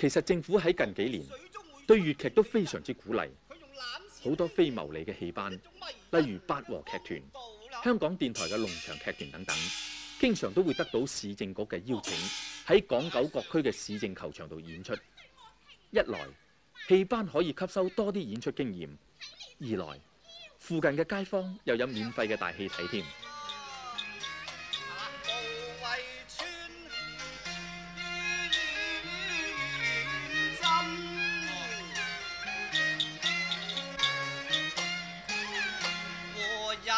其實政府喺近幾年對粵劇都非常之鼓勵，好多非牟利嘅戲班，例如八和劇團、香港電台嘅龍翔劇團等等，經常都會得到市政局嘅邀請，喺港九各區嘅市政球場度演出。一來戲班可以吸收多啲演出經驗，二來附近嘅街坊又有免費嘅大戲睇添。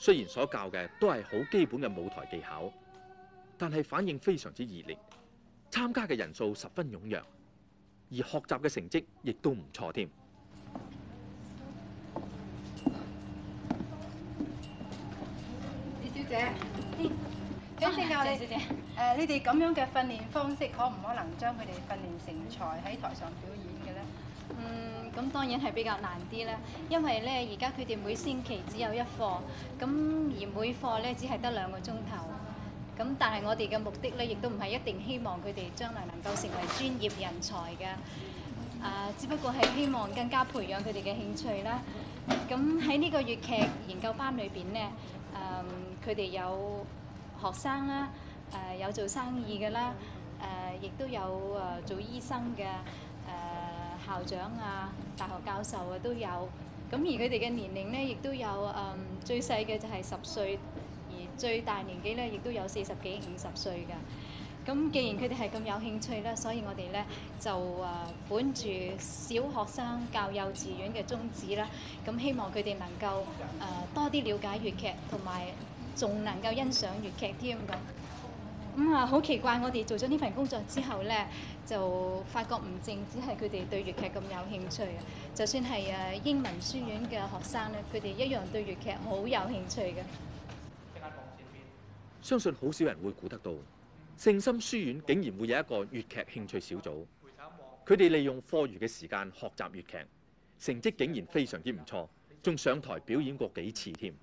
雖然所教嘅都係好基本嘅舞台技巧，但係反應非常之熱烈，參加嘅人數十分踴躍，而學習嘅成績亦都唔錯添。李小姐，啱先教李小姐。誒，你哋咁樣嘅訓練方式，可唔可能將佢哋訓練成才喺台上表演？咁當然係比較難啲啦，因為咧而家佢哋每星期只有一課，咁而每課咧只係得兩個鐘頭。咁但係我哋嘅目的咧，亦都唔係一定希望佢哋將來能夠成為專業人才嘅。誒，只不過係希望更加培養佢哋嘅興趣啦。咁喺呢個粵劇研究班裏邊咧，誒，佢哋有學生啦，誒，有做生意嘅啦，誒，亦都有，誒，做醫生嘅。校長啊，大學教授啊都有，咁而佢哋嘅年齡咧，亦都有誒，最細嘅就係十歲，而最大年紀咧，亦都有四十幾、五十歲嘅。咁既然佢哋係咁有興趣咧，所以我哋咧就誒、啊、本住小學生教幼、幼稚園嘅宗旨啦，咁、啊、希望佢哋能夠誒、啊、多啲了解粵劇，同埋仲能夠欣賞粵劇添咁。啊咁、嗯、啊，好奇怪！我哋做咗呢份工作之後呢，就發覺唔淨只係佢哋對粵劇咁有興趣啊，就算係誒英文書院嘅學生咧，佢哋一樣對粵劇好有興趣嘅。相信好少人會估得到，聖心書院竟然會有一個粵劇興趣小組。佢哋利用課餘嘅時間學習粵劇，成績竟然非常之唔錯，仲上台表演過幾次添。